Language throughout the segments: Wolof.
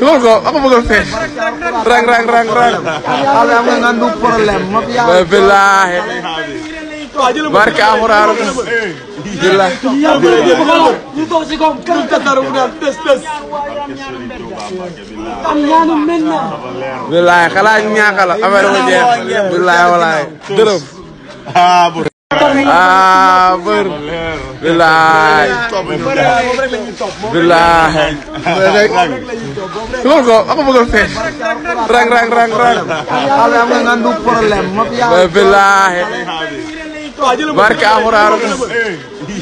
loolu ko ma ko bëgg a fees. rang rang rang rang. xale am nga du problème. ma fi yaa bilaahi. barke Alxuraan. bilaahi. ñu toog si koom kër Dakar mu naan des des. am ñaanu mel na. bilaahi xalaat ñaaxa la affaire bu jeex. bilaahi walaay dërëm. ah. mbër. bilaay. bilaay. loolu ko am bëgg a feeñ. rang rang rang rang. xale am nga du problème. bilaay. barke Alxuraan.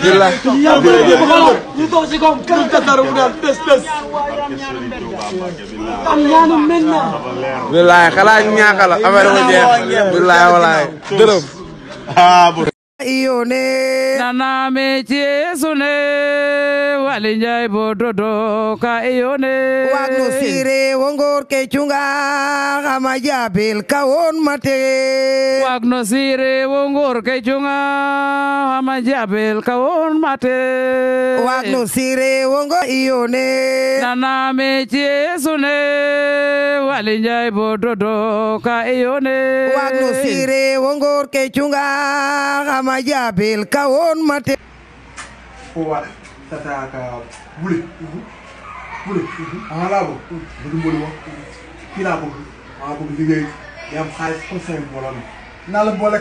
bilaay. ñu toog si kaw kër Tataru mu naan bés bés. am ñaanu mel na. bilaay xalaat ñaaxal affaire bu jeex. bilaay walaay dërëm. Ah, iyone nana meci yesune wali njay bododo ka iyone wagno sire wongor ke cunga xama jabil ka won mate wagno sire wongor ke cunga xama jabil ka won mate wagno sire wongo wongor ke cunga xama ma jaabil ka woon ma te fowara tata ka bule bule anga laa bëgg bëgg mbëri wax kii laa bëgg anga bëgg liggéey di am xaalis comme ça mbooloo mi naa la boole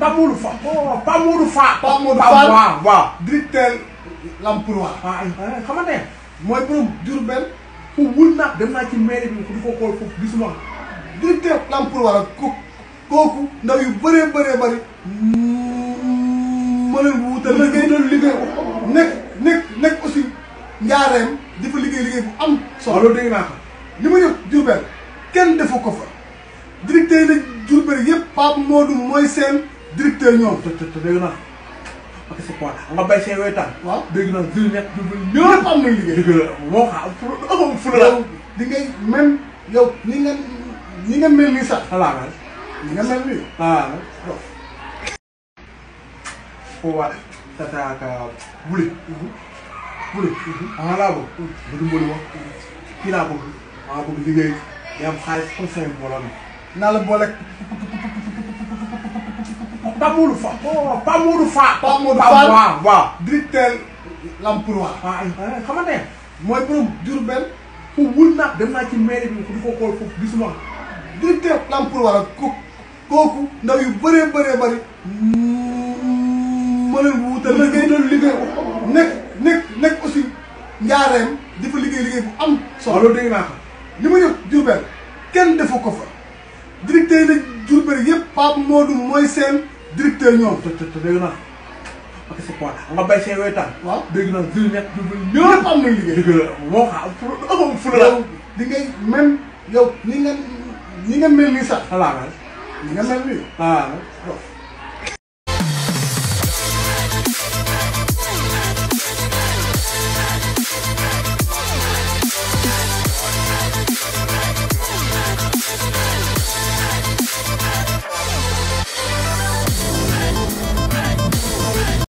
Pa Modou Fa Pa Modou Fa Pa Modou Fa waaw waaw directeur Lampour waaw ah, eh, eh, xamante ne mooy borom Diourbel fu wul nag dem naa ci mairie bi du ko xool foofu gisuma directeur Lampour waaw ko booku ndaw yu bëree bëree bëri ma leen wutal liggéey loolu liggéey nekk nekk nekk aussi njaareem di fa liggéey liggéey bu am solo loolu dégg naa ko li ma yëpp Diourbel kenn defu ko fa directeur yi nag Diourbel yëpp Pape Modou mooy seen directeur ñoom te te dégg naa parce que c'est quoi nga bay seen wéy tànn am nañ liggéey liggéey moo xam fu la di ngay même yow ni nga ni nga mel nii sax xalaat li nga mel nii. ah dof. foo waat tata ka bule. Mhm. bule. ah laa kii laa bëgg. maa bëgg liggéey. di am xaalis comme say mbooloo mi. naa la boole. Pa Modou Fa. Oh. Pa Modou Fa. Pa Modou Fa waaw waaw. directeur l'emploi. ah, eh. ah eh, xamante ne mooy borom Diourbel. fu wul naat dem naa ci mairie bi du ko xool foofu gisuma. directeur l'emploi ku. booku ndaw yu bëree bëree bëri ma leen wutal liggéey loolu liggéey nekk nekk nekk aussi njaareem di fa liggéey liggéey bu am solo loolu dégg naa xam li ma yëpp Diourbel kenn defu ko fa directeur yi nag Diourbel yëpp moo Modou mooy seen directeur ñoom te te dégg naa parce que c'est quoi nga bay seen yooyu waaw dégg naa Diourbel nekk Diourbel am nañ liggéey liggéey moo xam fu la di ngay même yow ni nga ni nga mel nii sax alaamel 你那边绿啊？